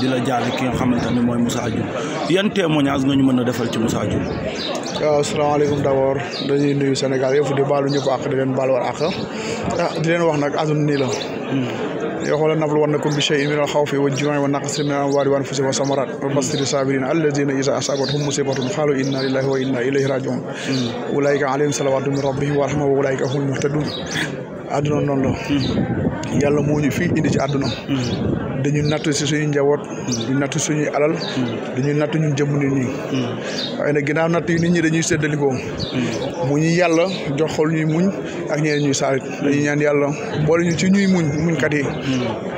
di la jaale ki nga xamante ne mooy Moussa Dioum yan témoignage nga ñu mën a defal ci Moussa Dioum. waaw salaamaaleykum d' abord dañuy nuyu Sénégal yëpp di baalu ñëpp ak di leen baal war ak ah, di leen wax nag àdduna nii la. Hmm. yoo xam ne nablu war na ko bi shay'in minal xawfi wal juu'i wan naqsin minal amwaali wal anfusi wa samaraat wa bashiri saabiriin allaziina izaa asaabathum musiibatun qaalu inna lillahi wa inna ilayhi raaji'uun hmm. ulaa'ika alayhim salawaatun min rabbihim wa rahma wa ulaa'ika humul muhtaduun àdduna noonu yàlla moo ñu fii indi ci àdduna mm-hmm. dañuy natt si suñu njaboot mm-hmm. di natt suñuy alal mm-hmm. dañu natt ñun jëmm nit ñi waaye nag ginnaaw natt yi nit ñi dañuy séddalikoo mu ñu yàlla jox xol ñuy muñ ak ñeneen ñuy saarit dañuy ñaan yàlla boole ñu ci ñuy muñ muñkat yi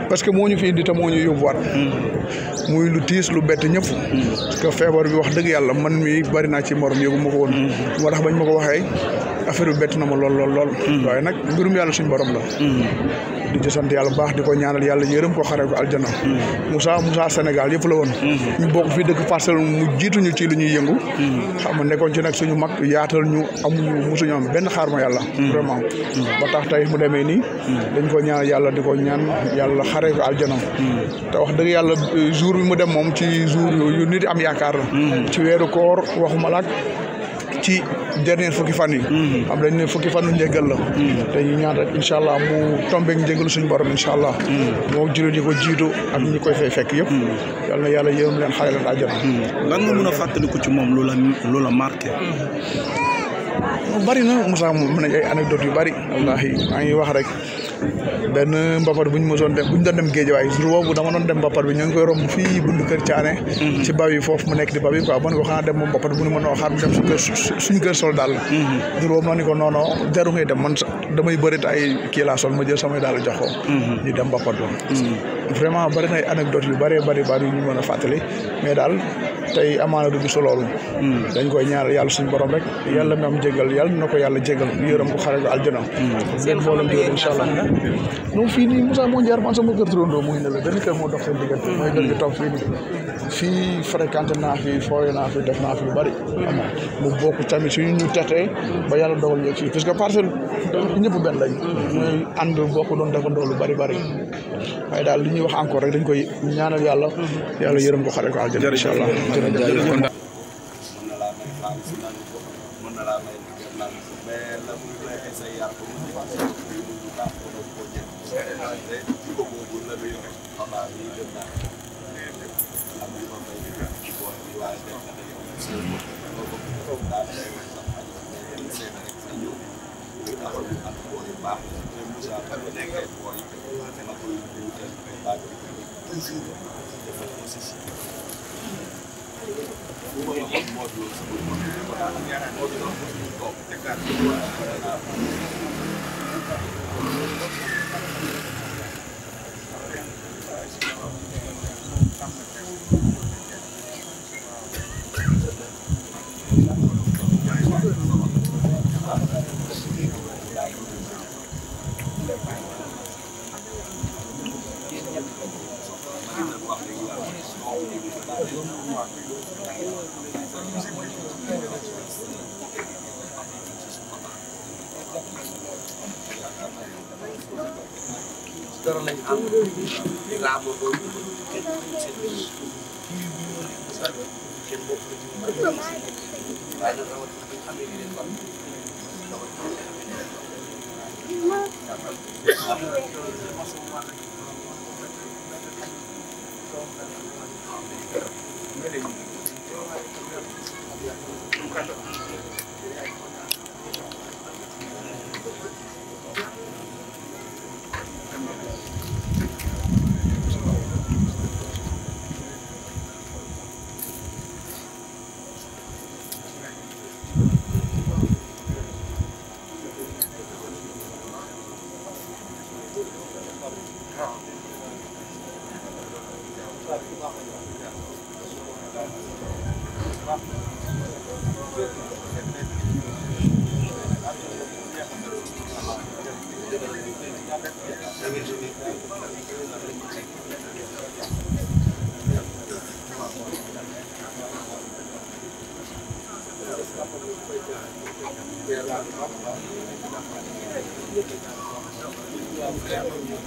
parce que moo ñu fi indi te moo ñu yóbbuwaat muy lu tiis lu bett ñëpp parce feebar bi wax dëgg yàlla man mi bari naa ci morom yëgu ma ko woon moo bañ ma ko waxee affaire bi bett na ma lool lool lool. Hmm. waaye nag mbirum yàlla suñu borom la. Hmm. di ci sant yàlla bu baax di ko ñaanal yàlla yërëm ko xare ko aljana. Hmm. Moussa Moussa Sénégal yëpp la woon. ñu bokk fii dëkk parcelle mu jiituñu ci lu ñuy yëngu. xam nga nekkoon ci nag suñu mag yaatal ñu amuñu mosuñu am benn xaar ma yàlla. vraiment ba tax tey mu demee nii. dañ ko ñaanal yàlla di ko ñaan yàlla xare ko aljana. te wax dëgg yàlla jour bi mu dem moom ci jour yu nit am yaakaar la. ci weeru koor waxuma laak ci dernier fukki fan yi mm-hmm. xam ne fukki fanu njëgal la mm-hmm. te ñu ñaan rek incha allah mu tombeeg njëgalu suñu borom incha allah mm-hmm. moo jullit yi ko jiitu ak ñu koy fay fekk yëpp yal na yàlla yërëm leen xale leen àjjana lan nga mën a fàttaliku ci moom loola loola marqué bari na Moussa moom mën nañ ay anecdote yu bari wallaahi maa ngi wax rek benn mbapat bu ñu mosoon dem bu ñu doon dem géejawaay jour bu dama doon dem mbapat bi ñu ngi koy romb fii bundu kër Thiané mhm. ci baw yi foofu mu nekk di baw yi quoi man ko xanaa dem moom mbapat bu ñu mën dem suñu kër kër sol daal mhm. jour boobu ma ni ko non non jaru ngay dem man sax damay bërit ay kii laa sol ma jël samay daal jox ko mhm. ñu dem mbapat ba vraiment bari na ay anecdote yu bëree bëri bëri yu ñu mën a fàttali mais daal tey amaana du gisu loolu hmm. dañ koy ñaar yàlla suñu borom rek yàlla mi am jégal yàlla na ko yàlla jégal yërëm ko xare ko aljana ngeen mbooloo bi incha allah non fii nii Moussa moo jaar man sama kër turandoo mu ngi ne la benn kër moo dox seen hmm. fii nii naa fi fooye naa fi def naa fi lu bëri hmm. ama mu bokk tamit suñu ñu textee ba yàlla dogal ñëw fii parce que parcelle ñëpp benn lañ ñooy ànd bokk doon defandoo lu bëri bëri waaye daal ñuy wax encore rek dañ koy ñaanal yàlla yàlla yërëm ko xare ko àjjana incha allah jërëjëf Thank you. Modou Lo dara lañ am raama boobu kenn seen biir kenn bokk na ci biir kër waaye nag rawatina bi nga xam ne nii leen war rawatina bi nga xam ne nii leen war am na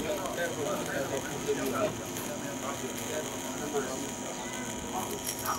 Yeah.